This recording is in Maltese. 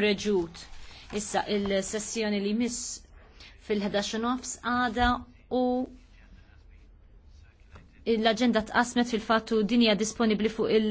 korreġut. Issa il-sessjoni li miss fil-11 nofs għada u l-agenda tqasmet fil-fattu dinja disponibli fuq il-